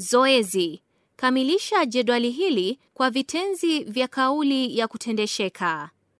Zoezi: kamilisha jedwali hili kwa vitenzi vya kauli ya kutendesheka.